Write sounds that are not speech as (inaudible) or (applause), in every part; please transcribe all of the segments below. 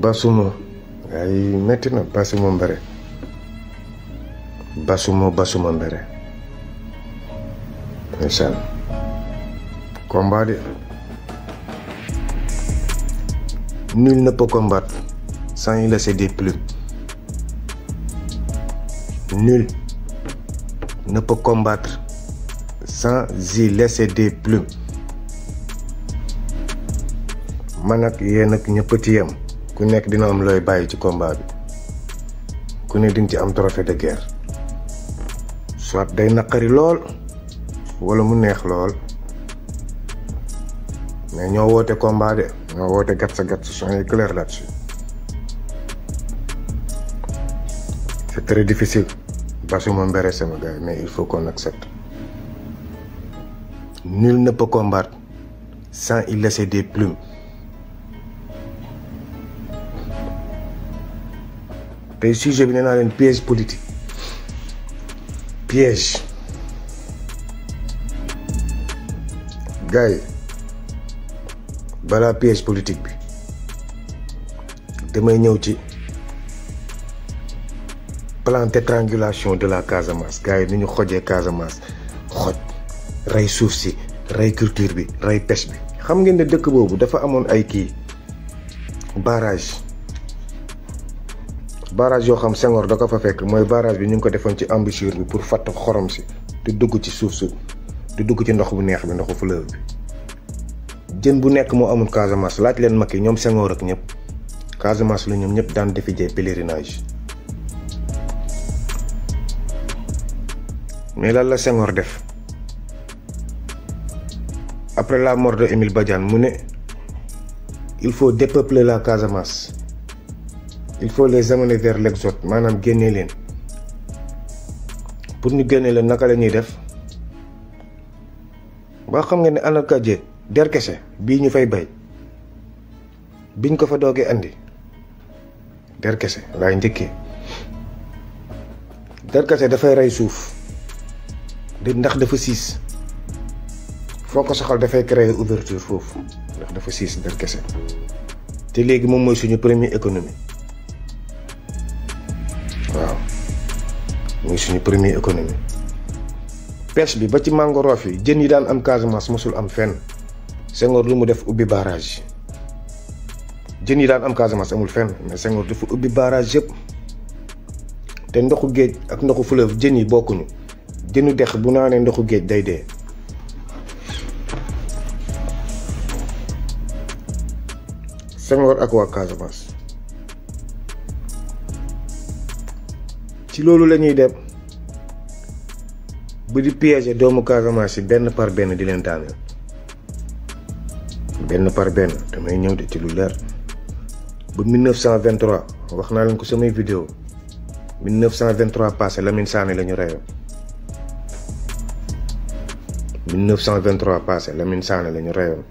Basumo, ay metti na en mbere Basumo, basumo mbere ndeysaan combat nul ne peut combattre sans y laisser des plumes nul ne peut combattre sans y laisser des plumes man ak ku nekk dina am combat ne ci de guerre soit day nakari lool wala mu neex lool mais ñoo combat de ñoo là-dessus c'est très difficile gars mais il faut qu'on accepte nul ne peut combattre sans y laisser des plumes Ben, je sujet je une piège politique piège gars Voilà piège politique Demain nous avons plan d'étrangulation de la Casamance gars nous ñu la Casamance xoj Ray culture bi pêche Vous xam que barrage barrage yo xam sengor da ko fa fekk moy barrage bi ñu ngi ko defon ci embouchure bi pour fat xorom ci di dugg ci souf su di dugg ci ndox bu neex bi ndoxu fleuve bi jën bu nekk mo amul Casamance laaj len mag ñom sengor ak ñep Casamance lu ñom ñep daan defi jee pèlerinage mais lan la sengor def après la mort de Emile Badiane mu ne il faut dépeupler la Casamance il faut les amener vers l'exode manam les len pour ñu les leen naka la def ba xam nga ne anakaje der kese ça ñu fay bay biñ ko fa andi der der da fay ray souf di ndax dafa soxal fay créer ouverture ndax dafa six. der té légui mom moy suñu premier économie suis le premier économie pêche bi ba ci des yi jën yi daan am Casamance am fenn lu mu def barrage yi jën am Casamance amul fenn mais barrage yëpp te ndoxu géej ak ndoxu des jën il bokkuñu a des bu naanee ndoxu day ci lolu lañuy ñuy dem bu di piéger doomu Casamance ben par ben di len daaneel ben par ben damay ñew de ci lu leer bu 1923 wax naa leen ko samay vidéo 1923 passé Lamine Sané lañu ñu 1923 passé Lamine Sané lañu ñu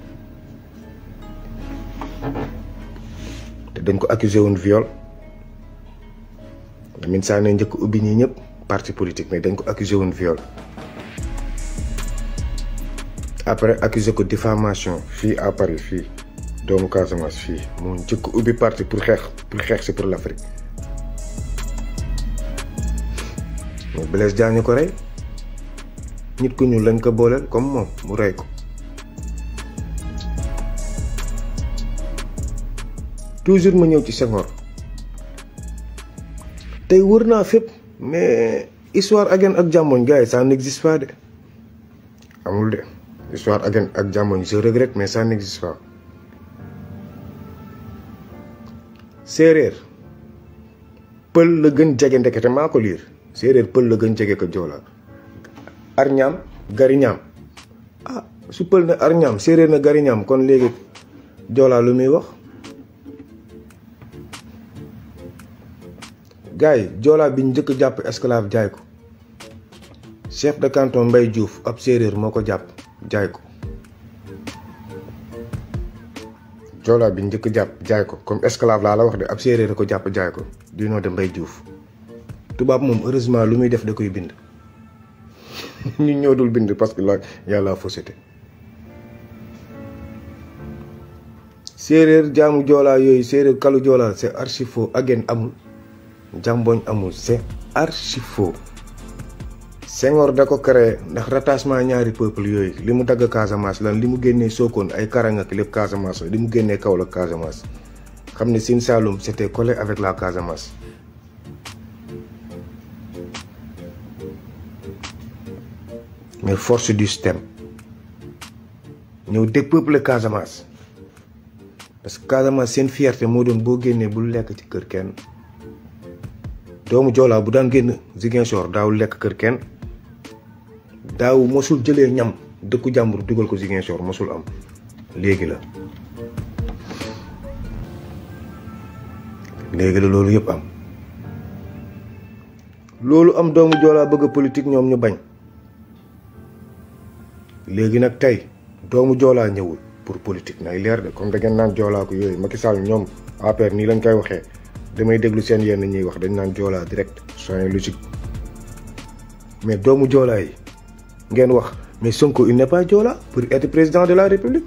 te dañ ko accuser woon viol Lamine Sané njëkk ubbi ñi ñëpp parti politique mais dañ ko accusé woon viol après accusé ko diffamation fii à Paris fii doomu Casamance fii moo njëkk ubbi parti pour xeex pour xeex si pour l'Afrique mais Blaise Diagne ko rey nit ku ñuul dañ ko booleel comme moom mu rey ko toujours ma ñëw ci Senghor tay wourna fep mais histoire agen ak jamon gay ça n'existe pas de amul de histoire agen ak jamon je regrette mais ça n'existe pas serer peul le gën djégé ndekete maa ko liir séeréer pël gën djégé ko djola arñam gariñam ah su peul na arñam serer na gariñam kon légui djola lu mi wax gars yi joolaa bi njëkk jàpp esclave jaay ko chef de canton Mbay juuf ab séeréer moo ko jàpp jaay ko bi njëkk jàpp jaay ko comme esclave laa la wax de ab séeréer ko jàpp jaay ko du nom de Mbay Diouf tubaab moom heureusement lu muy def da koy bind ñu (laughs) ñoo dul bind parce que la yàlla fausseté séeréer jaamu joolaa yooyu séeréer kalu joolaa c'est archi again amul jàmbooñ amul c'est archi faux Senghor da ko créé ndax ratasement ñaari peuple yooyu li mu dagg Casamance lan li mu génnee Sokone ay Karang ak lépp Casamance li mu génnee Kaolack Casamance xam ne Sine Saloum c'était collé avec la Casamance. mais force du système ñëw dépeupler Casamance parce que Casamance seen fierté moo doon boo génnee bul lekk ci kër kenn. doomu joolaa bu daan génn Ziguinchor daaw lekk kër kenn daaw mosul jëlee ñam dëkku jàmbur dugal ko Ziguinchor mosul am léegi la léegi la loolu yëpp am loolu am doomu joolaa bëgg politique ñoom ñu bañ léegi nag tey doomu joolaa ñëwul pour politique nay leer de comme da ngeen naan joolaa ko yooyu Macky Sall ñoom APR nii lañ koy waxee damay déglu seen yenn ñi wax dañ naan joolaa direct soin logique mais doomu joolaa yi ngeen wax mais sonko il n'est pas joolaa pour être président de la république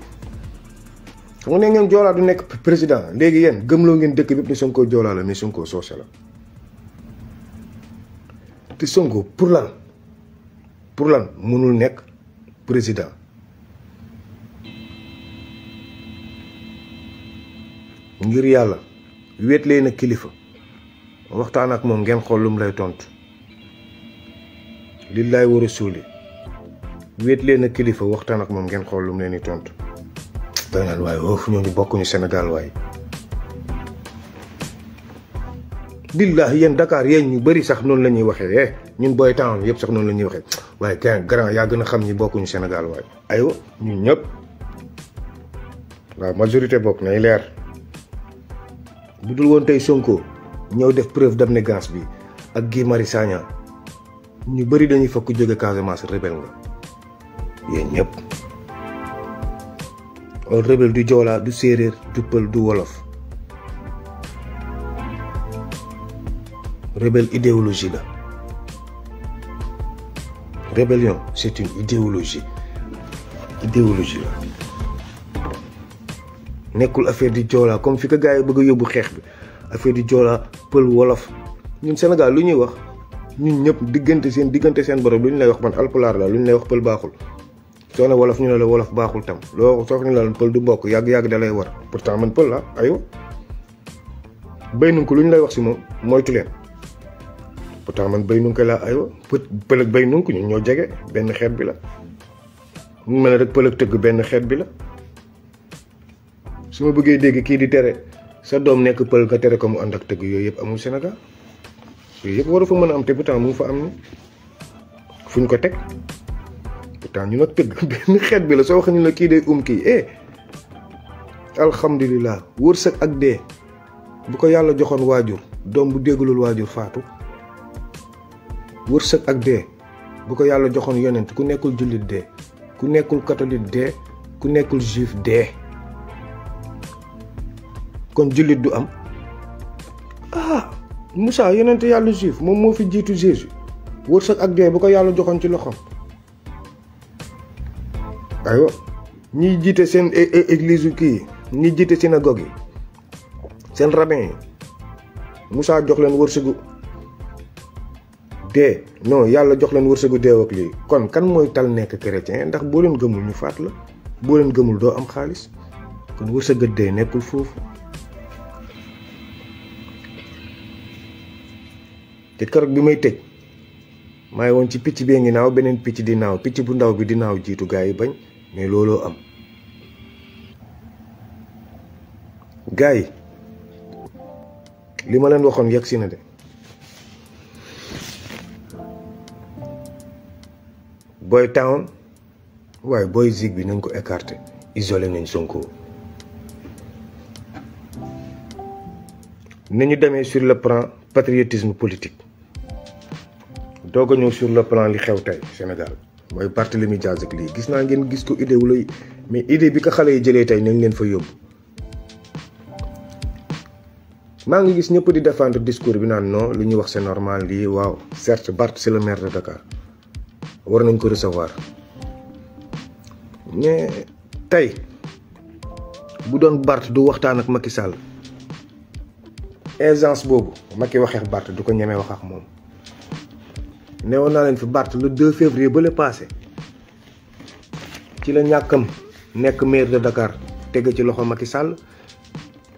xam ne ngeen joolaa du nekk président léegi yéen gëmloo ngeen dëkk bépp ne sonko joolaa la mais sonko soose la te sonko pour lan pour lan mënul nekk président ngir yàlla wéet leen ak kilifa waxtaan ak moom ngeen xool lum lay tontu lillaay war a suuli wéet leen ak kilifa waxtaan ak moom ngeen xool lum leen di tontu. da naan waaye woofu ñooñu bokkuñu Sénégal waaye. billahi yéen Dakar yéen ñu bari sax noonu la ñuy waxee eh, ñun booy temps yëpp sax noonu la ñuy waxee waaye kenn grand yaa gën a xam ñi bokkuñu senegal waaye. aywa ñun ñëpp waaw majorité bokk nay leer. budul won tay Sonko ñew def preuve d'abnégation bi ak marisanya, Marius Sagna ñu bari dañuy fakk jóge Casamance rebel nga ye ñep on rebel du jola du serer du peul du Wolof rebel idéologie la rebellion c'est une idéologie idéologie la nekul affaire di jola comme fi ko gaay yi bëgg a yóbbu bi affaire di jola peul wolof ñun Sénégal luñuy wax ñun ñëpp digënté seen digënté seen borom luñ lay wax man alpulaar la luñ lay wax peul baaxul soo wolof ñu la wolof baaxul tam lo soo la peul du bokk yag yag dalay war pourtant man peul la ayo béy ko luñ lay wax ci mom moytu leen pourtant man béy nunku laa aywa peul ak béy ko ñoo jégué ben xeet bi la mu mel rek peul ak teug ben xeet bi la su ma bëggee dégg kii di tere sa doom nekk pël nga tere ko mu ànd ak tëgg yooyu yëpp amul Sénégal yooyu war waru fa mën a am te pourtant mu ngi fa am ni fuñ ko teg pourtant ñu nag tëgg (laughs) benn bi la soo wax ñu la kii day um kii eh alhamdulilah wërsëg ak dee bu ko yàlla joxoon waajur doom bu déggalul waajur faatu wërsëg ak dee bu ko yàlla joxoon yonent ku nekkul jullit dee ku nekkul catholique dee ku nekkul juif dee kon jullit du am ah Moussa yonente yàlla juif moom moo fi jiitu Jésus wërsëg ak dee bu ko yàlla joxoon ci loxoom aywa ñiy jiite seen église yu kii yi ñiy jiite synagogue yi seen rabbin yi Moussa jox leen wërsëgu dee non yàlla jox leen wërsëgu deew ak lii kon kan mooy tal nekk chrétien ndax boo leen gëmul ñu faat la boo leen gëmul doo am xaalis kon wërsëg a dee nekkul foofu te keroog bi may tëj maa ngi ci picc bee ngi naaw beneen picc di naaw picc bu ndaw bi di naaw jiitu gaa yi bañ mais looloo am gaa yi li ma leen waxoon yegg si na de boy town waaye booy zig bi nañ ko écarté isole nañ Sonko ni ñu demee sur le plan patriotisme politique doog a ñëw sur le plan li xew tey Sénégal mooy Barthélémy Dias ak lii gis naa ngeen gis ko idée wula mais idée bi ko xale yi jëlee tey nañ leen fa yóbbu maa ngi gis ñëpp di défendre discours bi naan noo lu ñuy wax seen normal lii waaw certes bart c'est le maire de Dakar war nañ ko recevoir mais tey bu doon Barth du waxtaan ak Macky Sall aisance boobu Macky waxeex Barth du ko ñemee wax ak moom newoon naa leen fi bart le 2 février ba le passé ci la ñàkkam nekk maire de Dakar tege ci loxo Macky sàll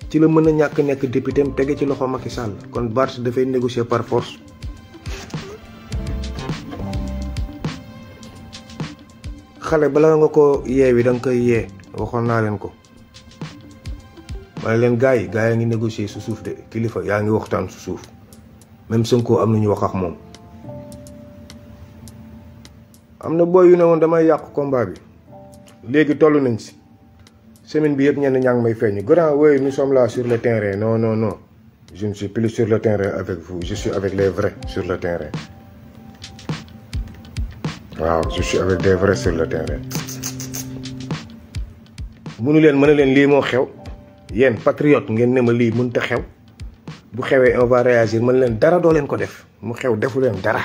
ci la mën a ñàkk nekk député tege ci loxo Macky Sall kon Barth dafay négocier par force. xale balaa nga ko yeewi da nga koy yee waxoon naa leen ko ma ne leen gaa yi gars yaa ngi négocier su suuf de kilifa yaa ngi waxtaan su suuf même Sonko am na ñu wax ak moom. am na booy yu ne woon damay yàqu combat bi léegi toll nañ si semaine bi yëpp ñenn ñaa ngi may feeñu grand oui nous sommes là sur le terrain non non non je ne plus sur le terrain avec vous je suis avec les vrais sur le terrain waaw je suis avec des sur le terrain. munu leen mën a leen lii moo xew yéen patriote ngeen ne ma lii mun te xew bu xewee on va réagir mën leen dara doo leen ko def mu xew defu leen dara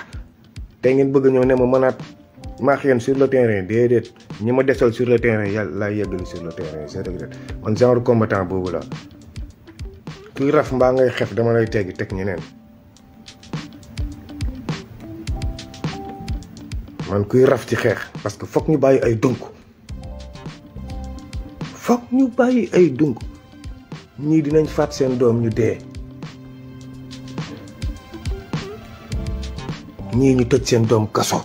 te ngeen bëgg ñëw ne ma mënaat. maax yéen sur le terrain déedéet ñi ma desal sur le terrain yàlla laay yeggali sur le terrain je regrette man genre combattant boobu la kuy raf mbaa ngay xef dama lay teggi teg ñeneen man kuy raf ci xeex parce que foog ñu bàyyi ay dunk foog ñu bàyyi ay dunk ñii dinañ faat seen doom ñu dee ñii ñu tëj seen doom kaso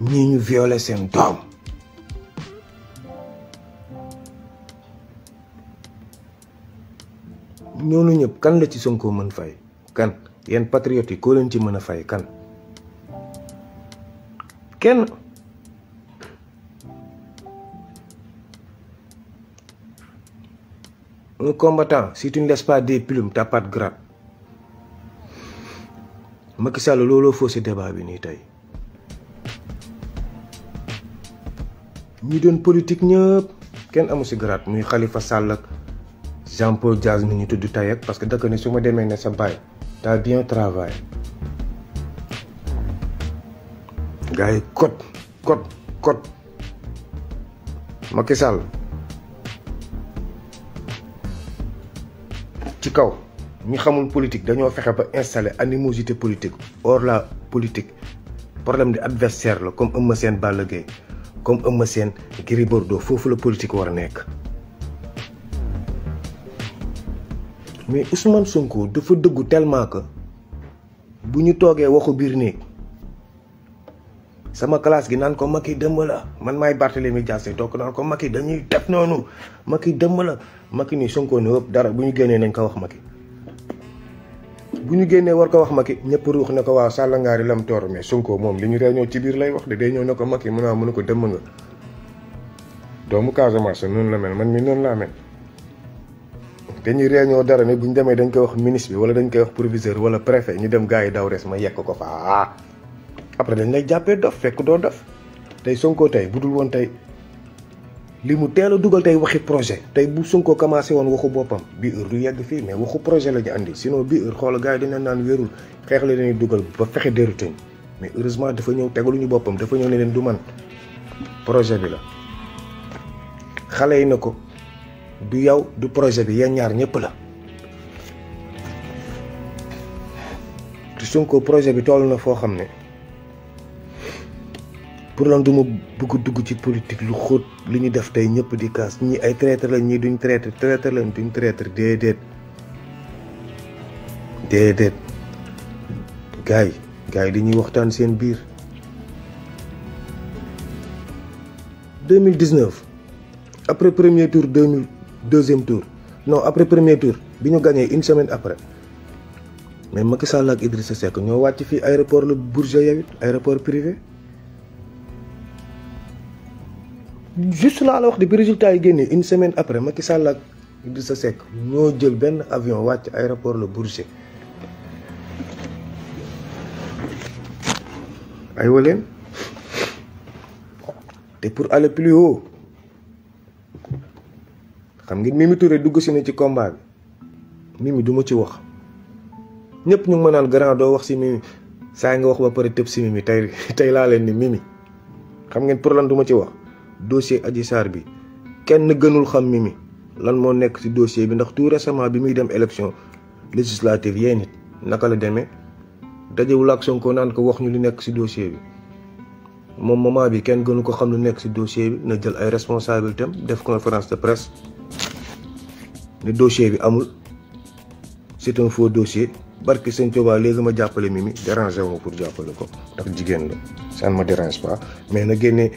ñii ñu violé sen doom ñoonu ñëpp kan la ci Sonko mën fay kan yenn patriote yi koo leen ci mën a fay kan kenn un combattant si tu ne laisses pas des plumes t'as pas de grade Macky Sall looloo faussé débat bi nii tey ñi doon politique ñëpp kenn amu si garaat muy xalifa Sall ak Jean Paul Diaz ñu tudd tey ak parce que dëkk ne su ma demee na sa baay t'as bien travaillé gars yi kot kot kot Macky Sall ci kaw ñi xamul politique dañoo fexe ba installé animosité politique or la politique problème de adversaire la comme Eumeu seen Balla Gaye comme Eumeu Sène Gris Bordeaux foofu la politique war a nekk mais Ousmane Sonko dafa dëggu tellement que bu ñu toogee waxu biir néeg sama kalaas gi naan ko Macky dëmb la man maay Barthélémy Dias toog naan ko yi dañuy def noonu Macky dëmb la Macky ni Sonko ni yëpp dara bu ñu génnee nañ ko wax mag yi bu ñu génnee war ko wax Macky ñëpp ruux ne ko waaw Sall ngaari lam toor mais Sonko moom li ñu réunion ci biir lay wax de day ñëw ne ko Macky mun naa mun ko dëmm nga. doomu Casamance noonu la mel man mi noonu laa mel dañuy réunion dara ne bu ñu demee dañ koy wax ministre bi wala dañ koy wax proviseur wala préfet ñu dem gars yi daw rees ma yekk ko fa ah. après dañ lay jàppee dof fekk doo dof tey Sonko tey bu dul woon tey li mu teel a dugal tey waxi projet tey bu Sonko commencé woon waxu boppam bi heure du yegg fii mais waxu projet la ñu andi sinon bii heure xoola yi dina naan wérul xeex la leen dugal ba fexe déruteñ mais heureusement dafa ñëw tegaluñu boppam dafa ñëw ne du man projet bi la xale yi na ko du yow du projet bi yéen ñaar ñëpp la te projet bi toll na foo xam ne pour duma bëgg dugg ci politique lu xóot li ñu def tey ñëpp di kaas ñi ay traître lañ ñi duñ traître traître lañ duñ traître déedéet déedéet gaay gaay dañuy waxtaan seen biir 2019 après premier tour 2000 deuxième tour non après premier tour bi ñu gagné une semaine après mais Macky Sall ak Idrissa Seck ñoo wàcc fii aéroport le Bourget yawit aéroport privé juste laa la wax di bi résultat yi génnee une semaine après Macky Sall ak sa Seck ñoo jël benn avion wàcc aéroport la Bourget. aywa leen te pour aller plus haut xam ngeen Mimi Touré dugg si na ci combat bi Mimi du ci wax ñëpp ñu ngi ma naan grand doo wax si Mimi saa nga wax ba pare tëb si Mimi tey tey laa leen ni Mimi xam ngeen pour lan du ci wax. dossier Adji Sarr bi kenn gënul xam Mimi lan moo nekk ci dossier bi ndax tout récemment bi muy dem élection législative yee nit naka la demee dajewul ak Sonko naan ko wax ñu li nekk ci dossier bi moom moment bi kenn gënu ko xam lu nekk ci dossier bi na jël ay responsabilités am def conférence de presse ne dossier bi amul c'est un faux dossier barki sëñ Tuubaa léegi ma jàppale Mimi dérangé wu ma pour jàppale ko ndax jigéen la ça ne dérange pas mais na génnee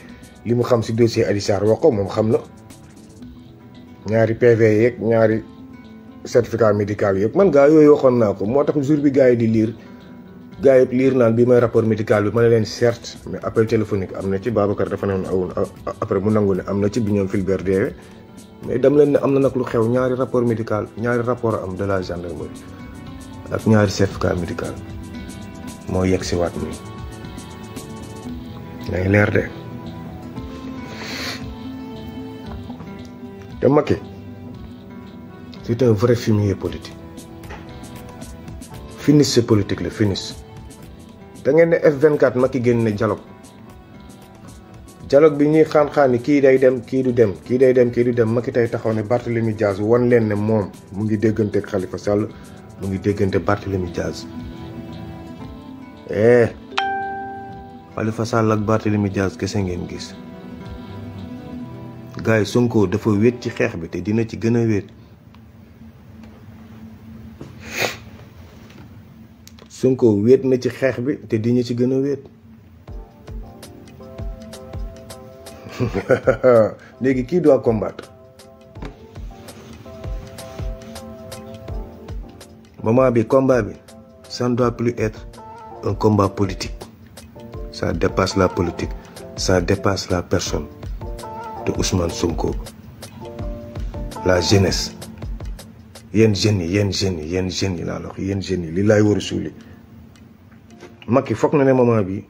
li mu xam si dossier Adji Sarr wax moom xam na ñaari PV yeeg ñaari certificat médical yeeg man gaa yooyu waxoon naa ko moo tax jour bi gars yi di liir gars yi liir naan bi mooy rapport médical bi man ne leen certes mais appel téléphonique am na ci Babacar dafa ne woon mu nangu ne am na ci bi ñoom Fulbert deewe mais dem leen ne am na nag lu xew ñaari rapport médical ñaari rapport am de la gendarmerie ak ñaari certificat médical moo yegg si waat mi day te Macky c'est un vrai fumier politique finis ce politique le finis Dengan ngeen F24 Macky génn le dialogue dialogue bini ñuy xaan-xaani kii day dem kii du dem kii day dem kii du dem Macky tey taxaw ne Diaz wan leen ne moom mu ngi déggante ak Khalifa Sall mu ngi déggante Diaz eh Khalifa Sall ak Barthélemy Diaz kese ngeen gis gars Sonko dafa faut ci bi te dina ci Sonko na ci bi te ci qui (laughs) doit combattre le combat ça ne doit plus être un combat politique ça dépasse la politique ça dépasse la personne de Ousmane Sonko la jeunesse yenn jeune yenn la yenn a li que y a na ne moment bi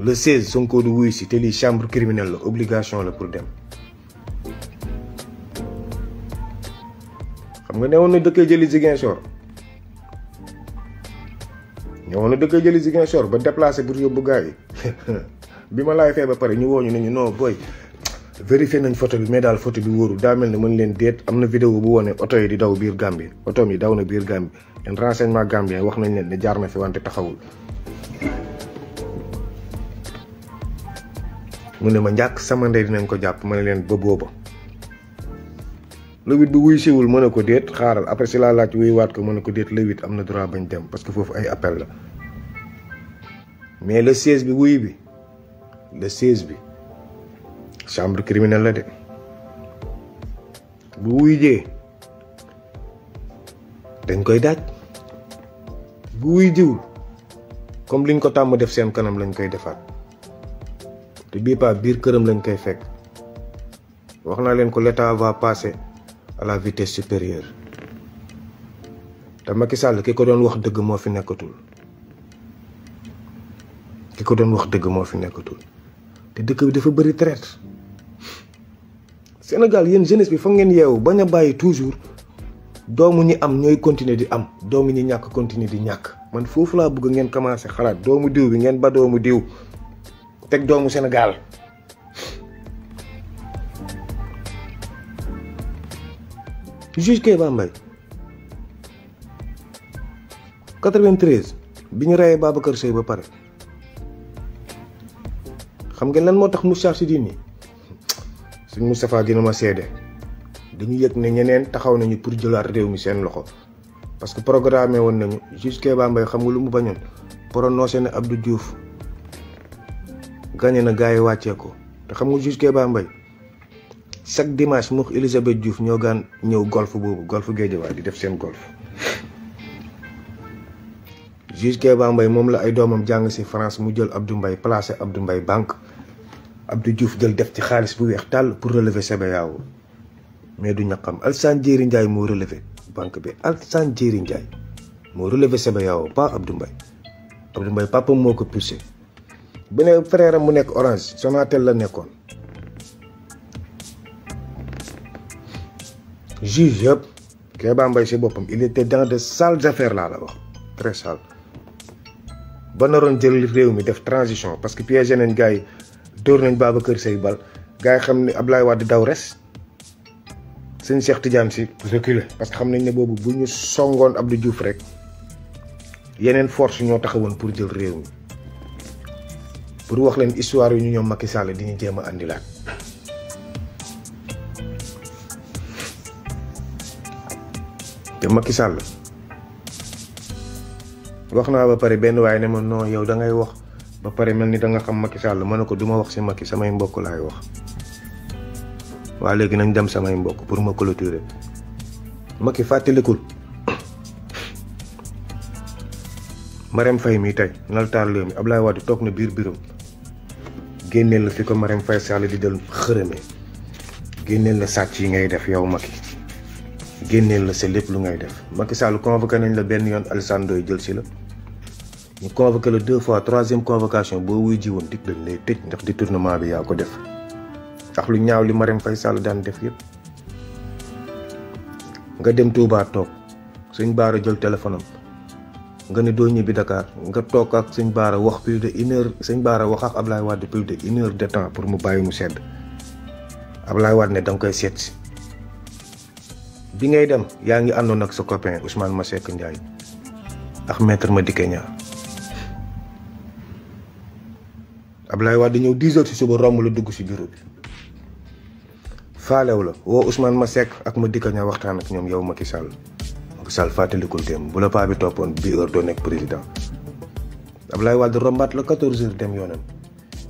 le 16 Sonko de Wissi, les chambres chambre criminelle obligation la pour xam nga woon na dëkkee jëli Ziguinchor newoon na dëkkee jëli Ziguinchor ba déplacé pour yóbbu gars yi (laughs) bi ma laay fee ba pare ñu wooñu ne ñu non booy vérifié nañ foto bi mais daal photo bi wóoru daa mel ne mën leen déet am na vidéo bu wone oto yi di daw biir Gambie oto yi daw na biir Gambie leen renseignement gambien wax nañ leen ne jaar na fi wante taxawul mu ne ma njàkk sama ndey dinañ ko jàpp ma ne leen ba booba le huit bi wuy siwul mën a ko déet xaaral après cela laa laaj wuy waat ko mën a ko déet le huit am na droit bañ dem parce que foofu ay appel la mais le seize bi wuy bi le seize bi chambre criminelle la de bu wuy jee dañ koy daaj bu wuy jiwul comme liñ ko tàmm def seen kanam lañ koy defaat te bii paa biir këram lañ koy fekk wax naa leen ko l'état va passer à la vitesse supérieure qui Macky Sall est wax deug mo fi qui ko wax deug mo fi te deuk bi dafa Sénégal yeen jeunesse bi fa ngeen baña toujours doomu ñi am ñoy continuer di am doomu ñi ñak continuer di ñak man fofu la bëgg ngeen commencé xalaat doomu diiw bi ngeen ba doomu doomu Sénégal juge kay Mbaye 93 biñu rayé Babacar Seye ba paré xam ngeen lan moo tax Moustarchidine yi suñ Moustapha gina ma sédé dañu yek né ñeneen taxaw nañu pour jëlaat réew mi seen loxo parce que programmé won nañu juge Kéba Mbaye xam nga lu mu bañoon prononcé na Abdou Diouf gagné na gaay yi ko té xam nga juge Kéba Mbaye chaque dimanche mu Elisabeth Diouf ñoo gaan ñëw golf boobu golf Guédiawaye di def seen golf juge Keba mbay moom la ay doomam jàng si France mu jël Abdou Mbaye placé Abdou Mbaye banque Abdou Diouf jël def ci xaalis bu weex tàll pour relever CBAO mais du ñaqam Alsaan Jéeri Ndiaye moo relevé banque bi Alsaan Jéeri Ndiaye moo relevé CBAO pas Abdou Mbaye Abdou Mbaye papam moo ko poussé beneen frère am mu nekk Orange Sonatel la nekkoon juge yëpp Kéba Mbaye si boppam il était dans de sales affaires là la wax très sale ba naroon jël réew mi def transition parce que piégé nañ gars yi dóor nañ Babacar sey bal gars yi xam ne Ablaye Wade daw res seigne Cheikh Tidiane si reculer parce que xam nañ ne boobu bu ñu songoon Abdou Diouf rek yeneen force ñoo taxawoon pour jël réew mi pour wax leen histoire yu ñu ñoom Macky Sall di ñu jéem a andilaat te Macky Sall wax naa ba pare benn waaye ne ma non yow da ngay wax ba pare mel ni da nga xam Macky Sall ma ne ko du ma wax si Macky samay mbokk laay wax waa léegi nañ dem samay mbokk pour ma clôturer Macky fàttalikul (coughs) Marème Faye mi tey nal taar léegi Ablaye Wade toog na biir biiram génneel la fi ko Marème Faye Sall di del xërëmee génneel la sàcc yi ngay def yow Macky génneel la sa lépp lu ngay def Macky Sall convoqué nañ la benn yoon Alassane Ndoye jël si la ñu convoqué la deux fois troisième convocation boo wuy ji woon dik dañ lay tëj ndax détournement bi yaa ko def ndax lu ñaaw li Marème Faye Sall daan def yëpp nga dem Touba toog sëñ Baara jël téléphone am nga ne doo ñibbi Dakar nga toog ak sëñ Baara wax plus de une heure sëñ Baara wax ak Ablaye Wade plus de une heure de temps pour mu bàyyi mu sedd Ablaye Wade ne danga koy seet si bi ngay dem yaa ngi àndoon ak sa copain Ousmane Massek Ndiaye ak maître Madické Niang Ablaye Wade ñëw 10 h ci suba romb la dugg ci bureau bi faalew la wo Ousmane Massek ak Madické Niang waxtaan ak ñom yow Macky Sall Macky Sall fàttalikul dem bu la pa bi topone bi heure do nek président Ablaye Wade rombat la 14 h dem yonam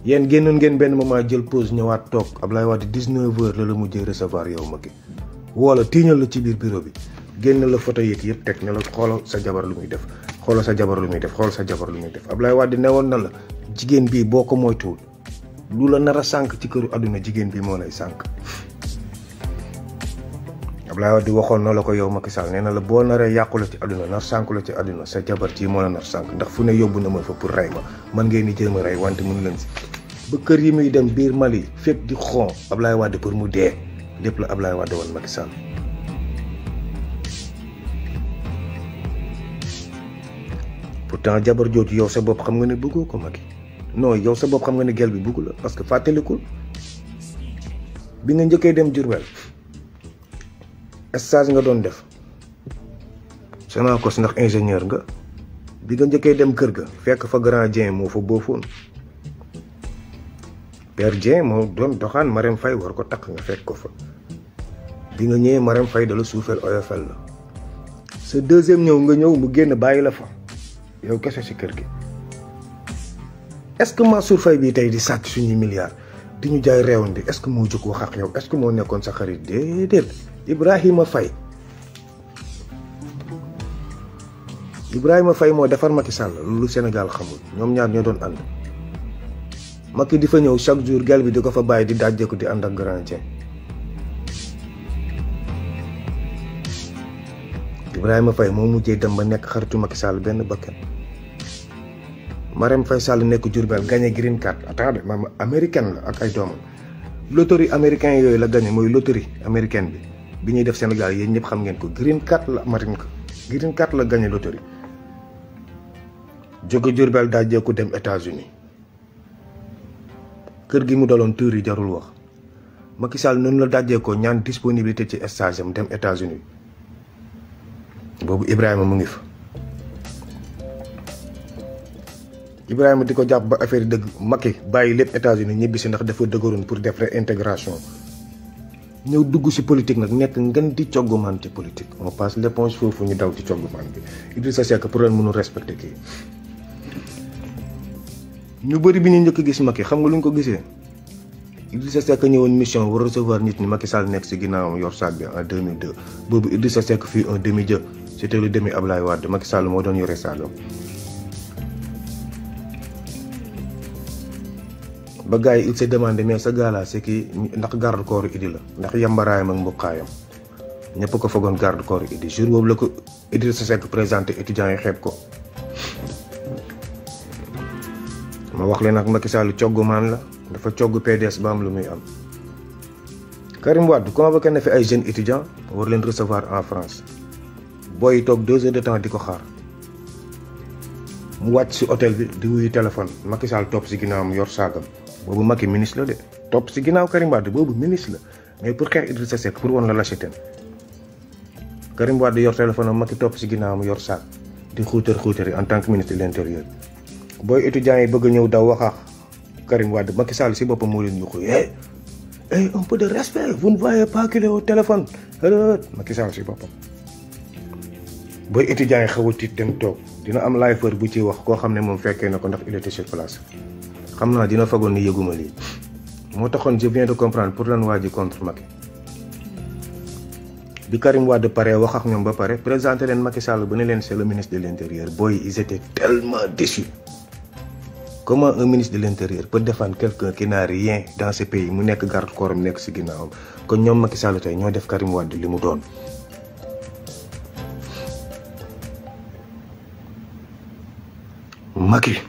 yen gennon gen ben moment jël pause ñewat tok Ablaye Wade 19 h la la mu mujjee recevoir yow Macky wala tiiñal la ci biir bureau bi génn la foto yeeg yëpp teg ne la xoolal sa jabar lu muy def xoolal sa jabar lu muy def xoolal sa jabar lu muy def Ablaye Wade newoon na la jigéen bii boo ko moytuwul lu la nar a sànq ci këru àdduna jigéen bi moo lay sànq. Ablaye Wade waxoon na la ko yow Macky Sall nee na la boo naree yàqu la ci àdduna nar sànq la ci àdduna sa jabar ci moo la nar sànq ndax fu ne yóbbu na ma fa pour rey ma man ngeen di jéem a rey wante mënu leen si. ba kër yi muy dem biir Mali fépp di xon Ablaye Wade pour mu dee. lépp la Ablaye Wade woon Macky Sall pourtant jabar jooju yow sa bopp xam nga ne bëggoo ko Macky noo yow sa bopp xam nga ne gel bi bëggu la parce que fàttalikul bi nga njëkkee dem Diourbel stage nga doon def ko si ndax ingénieur nga bi nga njëkkee dem kër ga fekk fa grand Dieng moo fa boofoon Père Dieng moo doon doxaan Marème Faye war ko takk nga fekk ko fa bi nga ñëwee Marème Faye dala suufeel oyofel la sa deuxième ñëw nga ñëw mu génn bàyyi la fa yow kese si kër gi est-ce que Mansour Faye bii tey di sàcc suñuy milliards di ñu jaay réewan bi est-ce que moo jóg wax yow est que moo nekkoon sa xarit déedéet Ibrahima Faye Ibrahima fay moo defar Macky Sall loolu Sénégal xamul ñoom ñaar ñoo doon ànd Macky di fa ñëw chaque jour gel bi di ko fa bàyyi di dajjeeku di ànd ak grand a Ibrahima Faye moo mujjee dem ba nekk xaritu Macky Sall benn bakkan Marème Faye Sall nekk Diourbel gagné green card attendez maam américaine la ak ay doomam loterie américain yooyu la gagné mooy loterie américaine bi bi ñuy def senegal yéen ñëpp xam ngeen ko green card la Marème green card la gagné loterie jóge Diourbel dajjeeku dem États-Unis kër gi mu daloon tër jarul wax Macky Sall noonu la dajee ko ñaan disponibilité ci stage dem États-Unis boobu Ibrahima mu ngi fa. Ibrahima di ko jàpp ba affaire dëgg Macky bàyyi lépp États-Unis ñibbisi ndax dafa dëgëroon pour def integration ñëw dugg ci politique nag nekk ngeen di coggumaan ci politique. on passe l'éponge foofu ñu daw ci coggumaan bi Idrissa Seck pour leen mënul respecter kii. ñu bëri bi ñu njëkk gis mag Macky xam nga lu ñu ko gisee Idrissa Seck ñëwoon mission war recevoir nit ñi Macky Sall nekk si ginnaawam yor saag bi en 2002 boobu Idrissa Seck fii un demi-dieu c'était le demi Ablaye Wade Macky Sall moo doon yore saagam. ba yi il s'est demandé mais sa gars là ndax garde corps Idi la ndax yambaraayam ak mbuqaayam ñëpp ko fagoon garde corps Idi jour boobu la ko Idrissa Seck présenté étudiants yi xeeb ko. ma wax leen nag Macky Sall cogg maan la dafa cogg PDS ba am lu muy am Karim Wade convoqué na fi ay jeunes étudiants war leen recevoir en France booy toog deux heures de temps di ko xaar mu wàcc si hôtel bi di wuyu téléphone Macky Sall topp si am yor saagam boobu Macky ministre la de topp si ginnaaw Karim Wade boobu ministre la mais pour xeex Idrissa Seck pour won la lâcheté Karim Wade yor téléphone am Macky topp si ginnaawam yor saag di xuutar xuutari en tant que ministre de booy étudiants yi bëgg a ñëw daw wax ak Karim Wade Sall si boppam moo leen yuuxu eh eh un peu de respect vous ne voyez pas qu'il est au téléphone eh, Macky Sall si boppam. booy étudiants yi xaw a tiit toog dina am laajfër bu ci wax koo xam ne moom fekkee na ko ndax il était sur place xam naa dina fagoon ni yëguma lii moo taxoon je viens de comprendre pour lan waa ji contre Macky. bi Karim Wade pare wax ak ñoom ba pare présenté leen Macky Sall ba ne leen c'est le ministre de l'intérieur booy ils étaient comment un ministre de l'intérieur peut défendre quelqu'un qui n'a rien dans ce pays mu nek garde corps nek ci ginnaawam ko ñom Macky Sall tay ñoo def Karim Wade limu doon Macky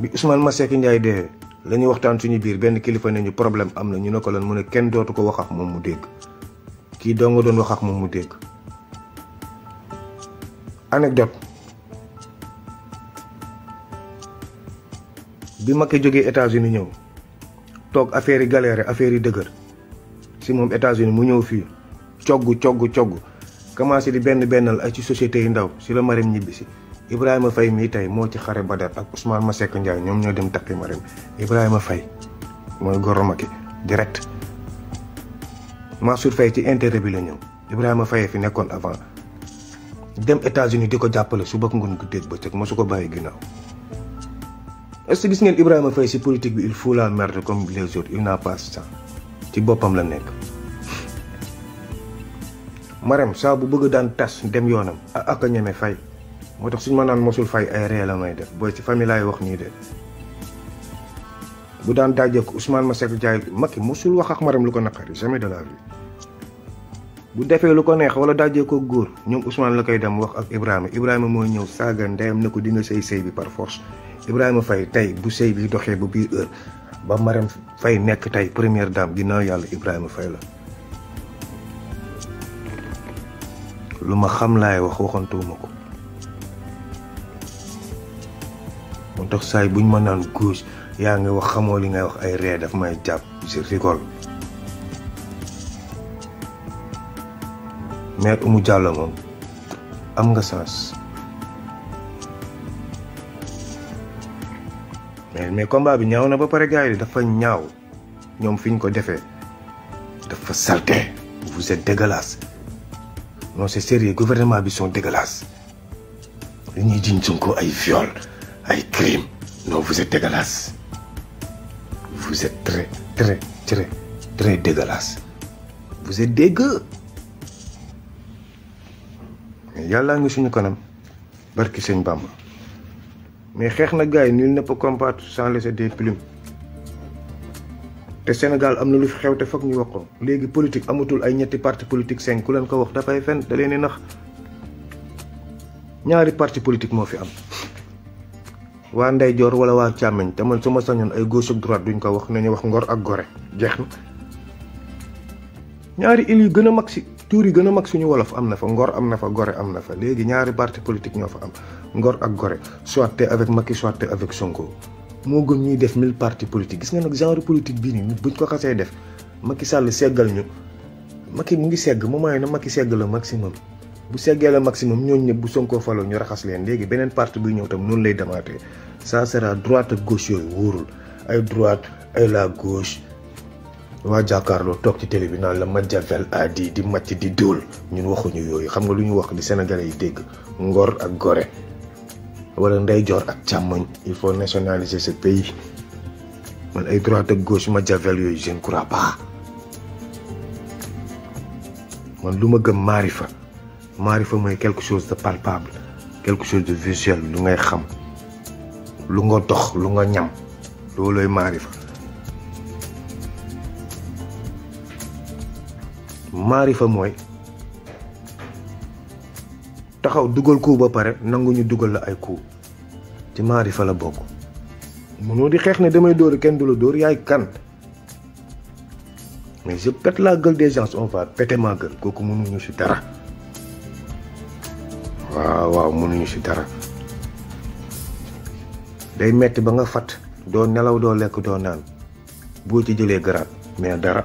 bi Ousmane Massek Ndiaye dee lañu waxtaan suñu biir ben kilifa ñu problème am ñu nako lan mu ne kenn dootu ko wax ak mom mu dégg ki do nga doon wax ak mom mu dégg anecdote bi Macky jógee États-Unis ñëw toog affaire yi galère affaire yi dëgër si moom États-Unis mu ñëw fii cogg cogg cogg commencé di benn bennal ak ci société yu ndaw si la Marème ñibbisi Ibrahima Faye mii tey moo ci xare Badar ak ma Masseck Ndiaye ñoom ñoo dem takki Marème Ibrahima Faye mooy goro Macky direct Mansour Faye ci intérêt bi la ñëw Ibrahima Faye fi nekkoon avant dem États-Unis di ko jàppale su ba suba ngoon guddeeg bëccëg mosu ko bàyyi ginnaaw est ce Ibrahim ngeen Ibrahima Faye si politique bi il faut la merde comme les autres il n'a pas ça ci boppam la nekk marem saa bu bëgg daan tas dem yoonam ak a ñeme fay moo tax suñ ma naan mosul fay ay ree la may def booy ci famille laay wax nii de bu daan daajeeku Ousmane Masek Diaye Macky mosul wax ak marem lu ko naqari jamais de la vie bu lu ko neex wala daajeekoo góor ñoom Ousmane la koy dem wax ak Ibrahim Ibrahim moo ñëw saaga ndeyam ne di nga bi par force Ibrahima fay tey bu sëy bi doxee ba biir heure ba Marème Faye nekk tey première dame ginnaaw yàlla Ibrahima fay la lu ma xam lay wax waxantuwuma ko moo tax saay buñ ma naan gauche yaa ngi wax xamoo li ngay wax ay ree daf may jàpp je rigole maire Oumou moom am nga sens Israël mais combat bi ñaaw na ba pare gars yi dafa ñaaw ñoom fiñ ko defee dafa salté vous êtes dégueulasse non c'est sérieux gouvernement bi sont dégueulasses li ñuy jiñ ko ay viol ay crime non vous êtes dégueulasse vous êtes très très très très dégueulasse vous êtes dégueu yàllaa ngi suñu kanam barki sëñ Bamba mais xeex na gars nul ne peut combattre sans laisser des plumes te Sénégal amna lu fi xew te fakk ñu wax ko léegi politique amatul ay ñetti parti politique cinq ku leen ko wax fay fen da leen nax ñaari parti politique mo fi am waa jor wala wa chamagne te man suma sañoon ay gauche ak droite duñ ko wax nañu wax ngor ak goré jeex ñaari élu gëna maxi tuur yi gën a mag suñu wolof am na fa ngor am na fa gore am na fa léegi ñaari parti politique ñoo fa am ngor ak gore soit te avec maki soit te avec Sonko moo gën ñuy def mille parti politique gis nga nag genre politique bii nii buñ ko xasee def Macky Sall seggal ñu Macky mu ngi segg moment yi na Macky segg la maximum bu seggee la maximum ñooñ ñëpp bu Sonko faloo ñu raxas leen léegi beneen parti buy ñëw tam noonu lay demaatee ça sera droite ak gauche yooyu wóorul ay droite ay la gauche waa jàkkaarloo toog ci télé bi naan la Machiavel a di di màcc di dóol ñun waxuñu yooyu xam nga lu ñu wax di Sénégalais yi dégg ngor ak gore wala ndeyjoor ak càmmoñ il faut nationaliser ce pays man ay droite ak gauche Machiavel yooyu je ne crois pas man lu ma gëm maari fa mooy quelque chose de palpable quelque chose de visuel lu ngay xam lu nga dox lu nga ñam loolooy maarifa fa mooy taxaw dugal coup ba pare nanguñu dugal la ay coup ci fa la bokk mënoo di xeex ne damay dóor kenn du la dóor yaay kan mais je pète la gueule des gens on va péter ma gueule kooku mënuñu si dara waaw waaw mënuñu si dara day metti ba nga fat doo nelaw doo lekk doo naan boo ci jëlee garaat mais dara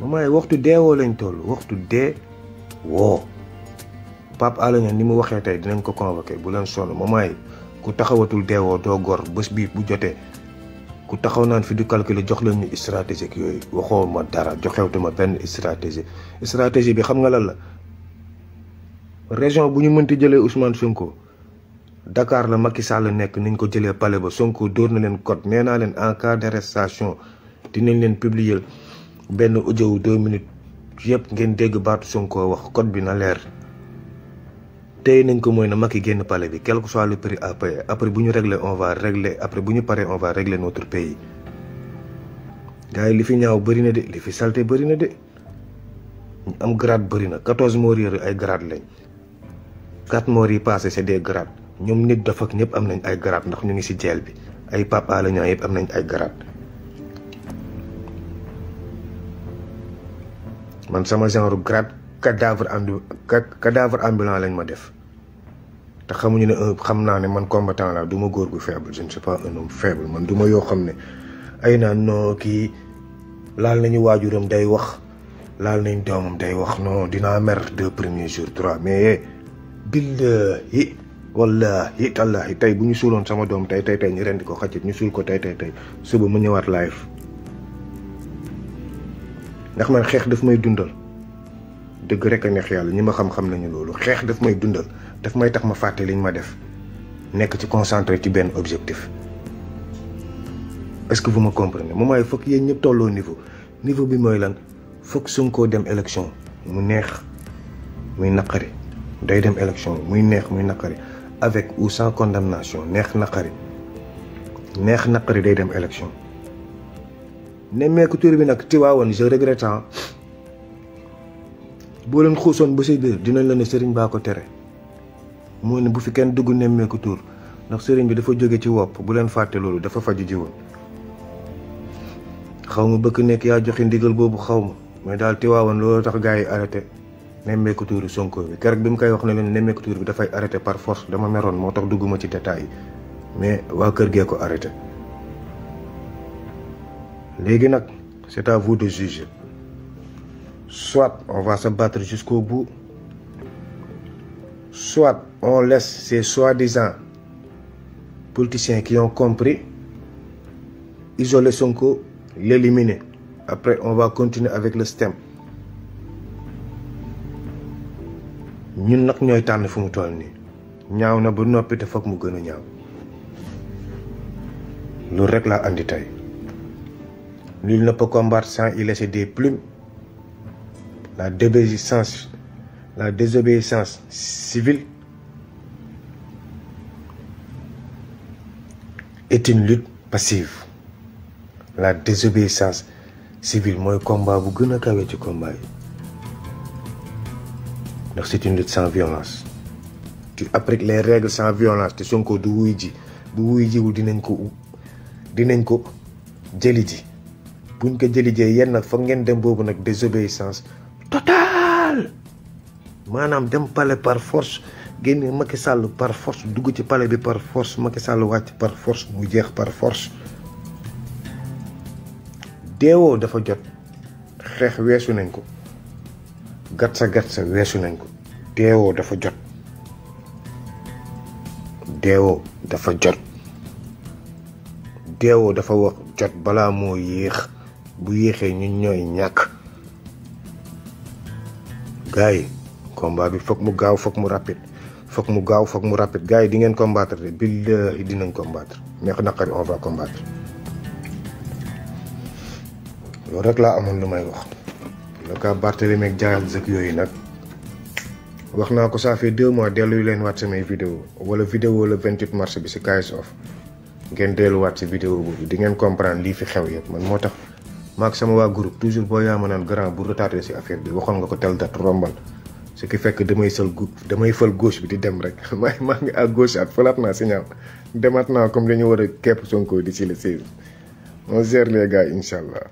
maman yi waxtu dee woo lañ toll waxtu dee woo Pape Alé ni mu waxee tey dinañ ko convoqué bu leen sonn maman yi ku taxawatul deewoo doo gor bés bii bu jotee ku taxaw naan fi du calculer jox leen ñu stratégie yooyu waxoo ma dara joxewtu ma benn stratégie stratégie bi xam nga lan la région bu ñu mënti jëlee Ousmane Sonko Dakar la Macky Sall nekk niñ ko jëlee pale ba Sonko dóor na leen code nee naa leen en cas d'arrestation dinañ leen publier ben audio 2 minutes yep ngeen dégg baatu sonko wax code bi na leer tay nañ ko moy na Macky génn palais bi quel que soit le prix à payer après buñu régler on va régler après buñu paré on va régler notre pays gaay li fi ñaaw bari na de li fi salté bari na de am grade bari na 14 mois yi ay grade lañ 4 mois yi passé c'est des grades ñom nit dafa ak ñep am nañ ay grade ndax ñu ngi ci jeel bi ay papa la ñoy yep am nañ ay grade man sama genre grade cadavre ambu cadavre ambulant lañ ma def te xamuñu ne euh, xam naa ne man combattant laa du ma góor gu faible je ne suis pas un homme faible man duma yoo xam ne ay naa non kii laal nañu waajuram day wax laal nañ doomam day wax non dinaa mer deux premiers jours trois mais eh, billahi wallahi tallahi tey bu ñu suuloon sama doom tey tey tey ñu rendi ko xajit ñu suul ko tey tey tey suba mu ñëwaat live ndax man xeex daf may dundal dëgg rek a neex yàlla ñi ma xam-xam nañu loolu xeex daf may dundal daf may tax ma fàtte liñ ma def nekk ci concentré ci benn objectif est-ce que vous me comprenez moment may fokk yéen ñëpp tolloo niveau niveau bi mooy lan foog Sonko dem élection mu neex muy naqari day dem élection muy neex muy naqari avec ou sans condamnation neex naqari neex naqari day dem élection nemmeeku tur bi nag Tiwaawoon je regrette boo leen xuusoon ba si biir dinañ la ne sëriñ baa ko tere moo ne bu fi kenn dugg nemmeeku tur ndax sëriñ bi dafa jóge ci wopp bu leen fàtte loolu dafa faju ji woon xaw ma bëkk nekk yaa joxe ndigal boobu xaw ma mais daal Tiwaawoon loolu tax gaa yi arrêté nemmeeku tuuru Sonko bi keroog bi mu koy wax ne leen nemmeeku tuur bi dafay arrêté par force dama meroon moo tax dugguma ci détail yi mais waa kër gee ko arrêté. Maintenant, c'est à vous de juger soit on va se battre jusqu'au bout soit on laisse ces soi-disant politiciens qui ont compris isoler son Sonko l'éliminer après on va continuer avec le STEM... ñun sommes ñooy tànn fu mu toll ni ñaaw na ba noppi te foog mu gën a Nous rek Nul ne peut combattre sans y laisser des plumes. La désobéissance, la désobéissance civile est une lutte passive. La désobéissance civile moi combat vous ne pouvez pas ci combat c'est une lutte sans violence. tu appliques les règles sans violence tu es du wuy ji bu wuy ou dinenko, ko buñ ko jëli jee yenn nag foog ngeen dem boobu nag désobéissance total maanaam dem palais par force geni Macky Sall par force dugg ci palais bi par force Macky Sall wàcc par force mu jeex par force deewoo dafa jot xeex weesu nañ ko gatsa sa gat sa weesu nañ ko deewoo dafa jot deewoo dafa jot deewoo dafa wax jot balaa moo yéex bu yéexee ñun ñooy ñàkk gars yi bi foog mu gaaw foog mu rapide foog mu gaaw foog mu rapide gars yi di ngeen combattre de billahi dinañ combattre neex naqari on va loolu rek laa amoon lu may wax la ka Barthélemy ak Diaz yooyu nag wax naa ko ça fait deux mois delluy leen waat samay vidéo wala vidéo vingt 28 mars bi si Kayz Off ngeen delluwaat si vidéo boobu di ngeen comprendre lii fi xew yëpp man moo tax maak sama waa groupe toujours boo yaa ma naan grand bu retardé si affaire bi waxoon nga ko tel date rombal ce qui fait damay sal damay fal gauche bi di dem rek (laughs) maa maa ngi à gauche at falaat naa signal demaat naa comme dañu war a képp Sonko di si le 16 moo gère les gars incha allah.